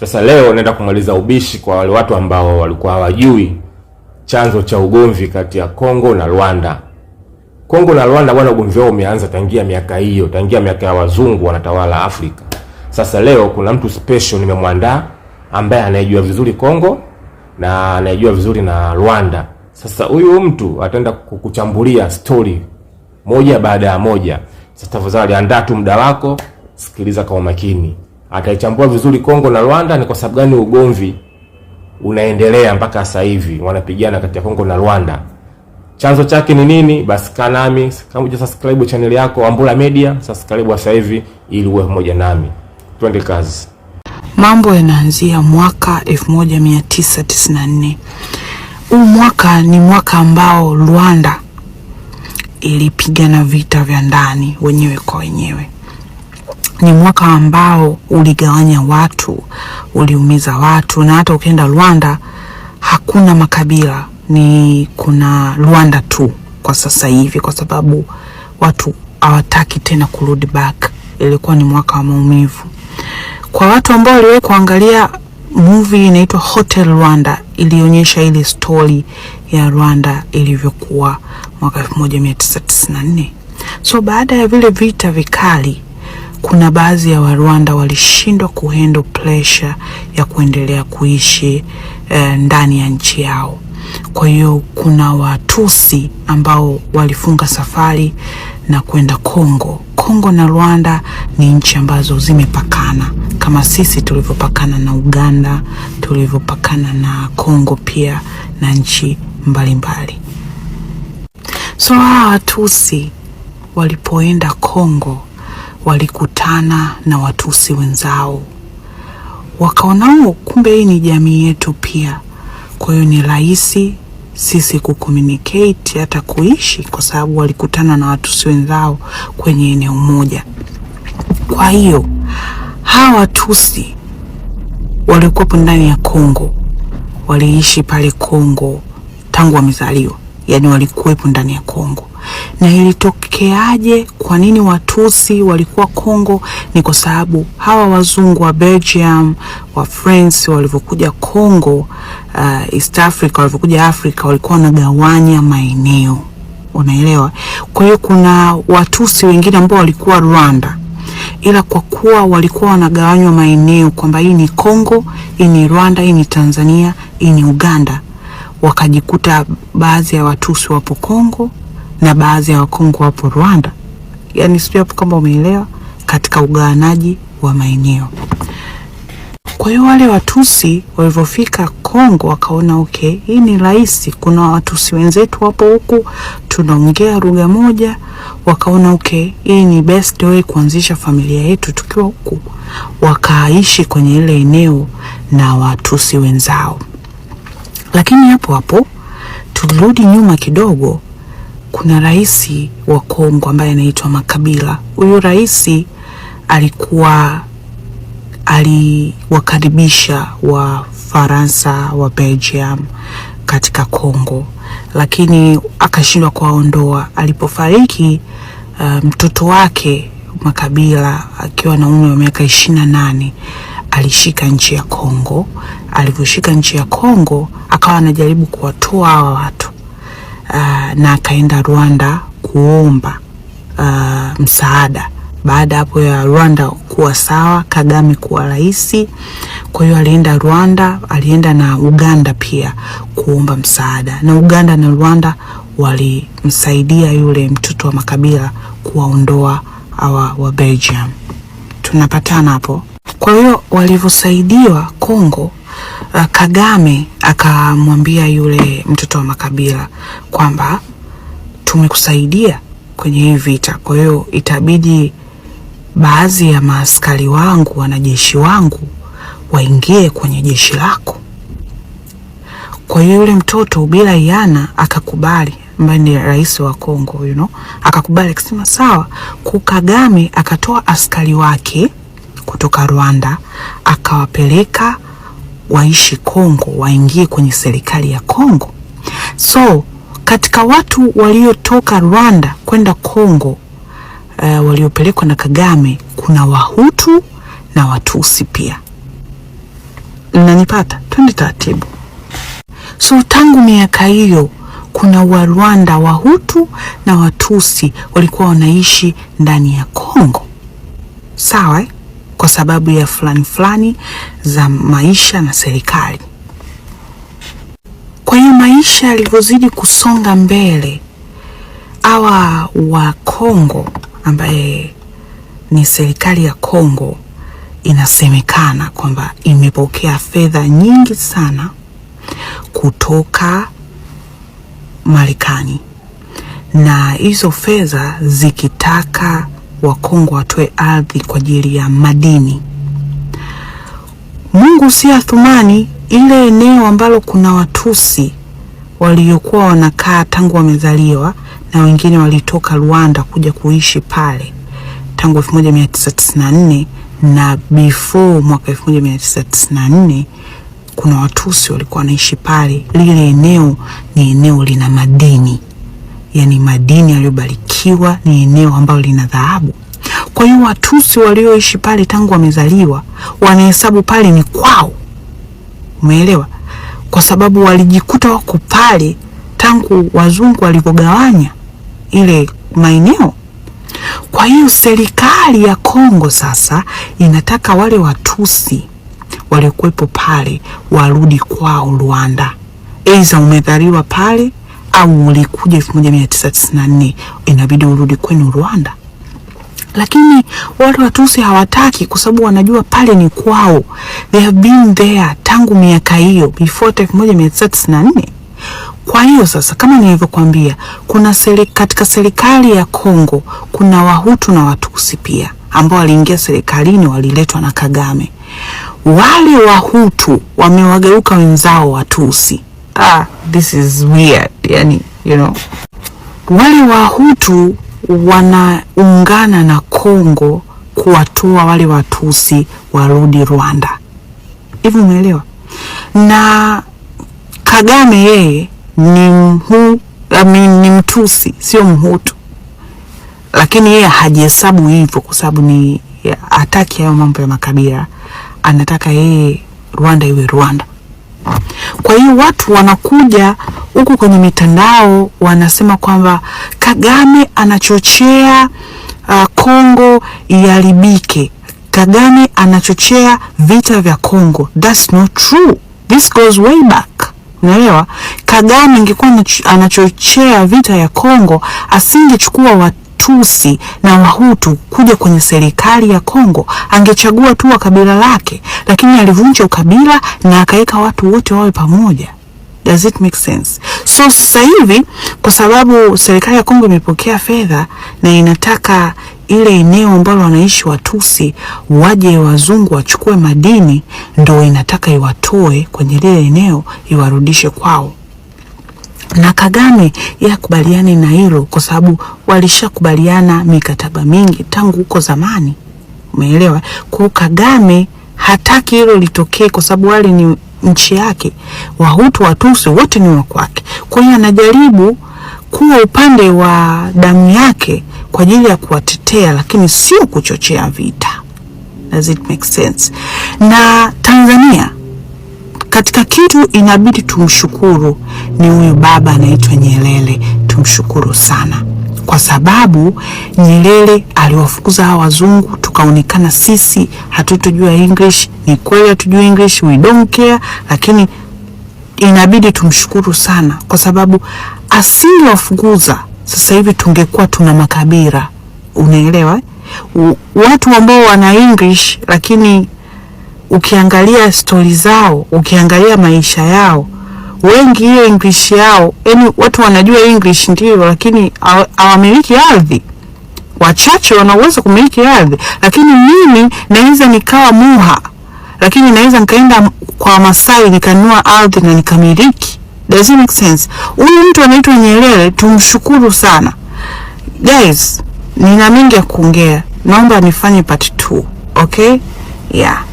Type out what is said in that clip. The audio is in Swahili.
Sasa leo naenda kumaliza ubishi kwa wale watu ambao walikuwa hawajui chanzo cha ugomvi kati ya Kongo na Rwanda. Kongo na Rwanda bwana, ugomvi wao umeanza tangia miaka hiyo, tangia miaka ya wazungu wanatawala Afrika. Sasa leo kuna mtu special nimemwandaa ambaye anayejua vizuri Kongo na anayejua vizuri na Rwanda. Sasa huyu mtu ataenda kukuchambulia story moja baada ya moja. Sasa tafadhali andaa tu muda wako, sikiliza kwa umakini akaichambua vizuri Kongo na Rwanda ni kwa sababu gani ugomvi unaendelea mpaka sasa hivi wanapigana kati ya Kongo na Rwanda. Chanzo chake ni nini? Basi kaa nami, kama uja subscribe channel yako Ambula Media, subscribe sasa hivi ili uwe pamoja nami. Twende kazi. Mambo yanaanzia mwaka 1994. Huu mwaka ni mwaka ambao Rwanda ilipigana vita vya ndani wenyewe kwa wenyewe ni mwaka ambao uligawanya watu, uliumiza watu, na hata ukienda Rwanda hakuna makabila, ni kuna Rwanda tu kwa sasa hivi, kwa sababu watu hawataki tena kurudi back. Ilikuwa ni mwaka wa maumivu kwa watu ambao waliwahi kuangalia movie inaitwa Hotel Rwanda, ilionyesha ile story ya Rwanda ilivyokuwa mwaka 1994. So baada ya vile vita vikali kuna baadhi ya Warwanda walishindwa kuhandle pressure ya kuendelea kuishi e, ndani ya nchi yao. Kwa hiyo kuna Watusi ambao walifunga safari na kwenda Kongo. Kongo na Rwanda ni nchi ambazo zimepakana kama sisi tulivyopakana na Uganda, tulivyopakana na Kongo pia na nchi mbalimbali. So hawa Watusi walipoenda Kongo walikutana na Watusi wenzao, wakaona oh, kumbe hii ni jamii yetu pia, kwa hiyo ni rahisi sisi kucommunicate hata kuishi, kwa sababu walikutana na Watusi wenzao kwenye eneo moja. Kwa hiyo hawa Watusi waliokuwepo ndani ya Kongo waliishi pale Kongo tangu wamezaliwa, yani walikuwepo ndani ya Kongo na ilitokeaje? Kwa nini Watusi walikuwa Kongo? Ni kwa sababu hawa wazungu wa Belgium, wa France walivyokuja Kongo, uh, East Africa walivyokuja Afrika walikuwa wanagawanya maeneo, unaelewa? Kwa hiyo kuna Watusi wengine ambao walikuwa Rwanda ila kwa kuwa walikuwa wanagawanywa maeneo kwamba hii ni Kongo, hii ni Rwanda, hii ni Tanzania, hii ni Uganda, wakajikuta baadhi ya Watusi wapo Kongo, na baadhi ya wakongo wapo Rwanda, yani sijui hapo kama umeelewa, katika ugawanaji wa maeneo. Kwa hiyo wale Watusi walivyofika Kongo wakaona okay, hii ni rahisi, kuna Watusi wenzetu wapo huku tunaongea lugha moja, wakaona okay, hii ni best way kuanzisha familia yetu tukiwa huku. Wakaishi kwenye ile eneo na Watusi wenzao, lakini hapo hapo tulirudi nyuma kidogo kuna rais wa Kongo ambaye anaitwa Makabila. Huyu rais alikuwa aliwakaribisha Wafaransa wa Belgium katika Kongo, lakini akashindwa kuwaondoa. Alipofariki eh, mtoto um, wake Makabila akiwa na umri wa miaka ishirini na nane alishika nchi ya Kongo. Alivyoshika nchi ya Kongo, akawa anajaribu kuwatoa uh, na akaenda Rwanda kuomba uh, msaada. Baada hapo ya Rwanda kuwa sawa, Kagame kuwa rais, kwa hiyo alienda Rwanda, alienda na Uganda pia kuomba msaada, na Uganda na Rwanda walimsaidia yule mtoto wa Makabila kuwaondoa hawa wa Belgium. Tunapatana hapo. Kwa hiyo walivyosaidiwa Kongo uh, Kagame akamwambia yule mtoto wa Makabila kwamba tumekusaidia kwenye hii vita, kwa hiyo itabidi baadhi ya maaskari wangu, wanajeshi wangu waingie kwenye jeshi lako. Kwa hiyo yule mtoto bila yana akakubali, ambaye ni rais wa Kongo you know, akakubali akisema sawa. Kagame akatoa askari wake kutoka Rwanda akawapeleka waishi Kongo, waingie kwenye serikali ya Kongo. So katika watu waliotoka Rwanda kwenda Kongo, uh, waliopelekwa na Kagame kuna Wahutu na Watusi pia. Nanipata, Twende taratibu. So tangu miaka hiyo kuna Warwanda Wahutu na Watusi walikuwa wanaishi ndani ya Kongo, sawa eh? kwa sababu ya fulani fulani za maisha na serikali. Kwa hiyo maisha yalivyozidi kusonga mbele, hawa wa Kongo ambaye ni serikali ya Kongo inasemekana kwamba imepokea fedha nyingi sana kutoka Marekani na hizo fedha zikitaka Wakongo watoe ardhi kwa ajili ya madini. Mungu si Athumani, ile eneo ambalo kuna Watusi waliokuwa wanakaa tangu wamezaliwa na wengine walitoka Rwanda kuja kuishi pale tangu 1994 na before mwaka 1994 kuna Watusi walikuwa wanaishi pale. Lile eneo ni eneo lina madini yani madini yaliyobarikiwa, ni eneo ambalo lina dhahabu. Kwa hiyo Watusi walioishi pale tangu wamezaliwa wanahesabu pale ni kwao, umeelewa? Kwa sababu walijikuta wako pale tangu wazungu walipogawanya ile maeneo. Kwa hiyo serikali ya Kongo sasa inataka wale Watusi waliokuwepo pale warudi kwao Rwanda, aidha umedhaliwa pale au ulikuja 1994 inabidi urudi kwenu Rwanda. Lakini wale Watusi hawataki kwa sababu wanajua pale ni kwao, they have been there tangu miaka hiyo before 1994. Kwa hiyo sasa, kama nilivyokuambia, kuna seri, katika serikali ya Kongo kuna Wahutu na Watusi pia ambao waliingia serikalini, waliletwa na Kagame. Wale Wahutu wamewageuka wenzao Watusi ah, this is weird. Yani, you know, wale Wahutu wanaungana na Kongo kuwatoa wale Watusi warudi Rwanda, hivi umeelewa? Na Kagame yeye ni mhu, I mean, ni Mtusi sio Mhutu, lakini yeye hajihesabu hivyo kwa sababu ni hataki hayo mambo ya makabila, anataka yeye Rwanda iwe Rwanda. Kwa hiyo watu wanakuja huku kwenye mitandao wanasema kwamba Kagame anachochea uh, Kongo iharibike. Kagame anachochea vita vya Kongo. That's not true. This goes way back. Unaelewa? Kagame ingekuwa anachochea vita ya Kongo asingechukua Watusi na Wahutu kuja kwenye serikali ya Kongo, angechagua tu wa kabila lake, lakini alivunja ukabila na akaweka watu wote wawe pamoja. Does it make sense? So sasa hivi kwa sababu serikali ya Kongo imepokea fedha na inataka ile eneo ambalo wanaishi Watusi waje wazungu wachukue madini, ndo inataka iwatoe kwenye lile eneo iwarudishe kwao na Kagame yeye na hilo kwa sababu walishakubaliana mikataba mingi tangu huko zamani, umeelewa? Kwa Kagame hataki hilo litokee kwa sababu wale ni nchi yake, Wahutu Watusi wote ni wa kwake. Kwa hiyo anajaribu kuwa upande wa damu yake kwa ajili ya kuwatetea, lakini sio kuchochea vita. Does it make sense? Na Tanzania katika kitu inabidi tumshukuru ni huyu baba anaitwa Nyerere, tumshukuru sana kwa sababu Nyerere aliwafukuza hawa wazungu, tukaonekana sisi hatutojua English. Ni kweli hatujui English, we don't care, lakini inabidi tumshukuru sana kwa sababu asingewafukuza sasa hivi tungekuwa tuna makabila, unaelewa, watu ambao wana English lakini ukiangalia stori zao, ukiangalia maisha yao wengi hiyo English yao, yani watu wanajua English ndio, lakini hawamiliki ardhi. Wachache wana uwezo kumiliki ardhi, lakini mimi naweza nikawa Muha, lakini naweza nikaenda kwa Masai nikanua ardhi na nikamiliki. Does it make sense? Huyu mtu anaitwa Nyerere, tumshukuru sana guys. Nina mengi ya kuongea, naomba nifanye part 2 okay, yeah.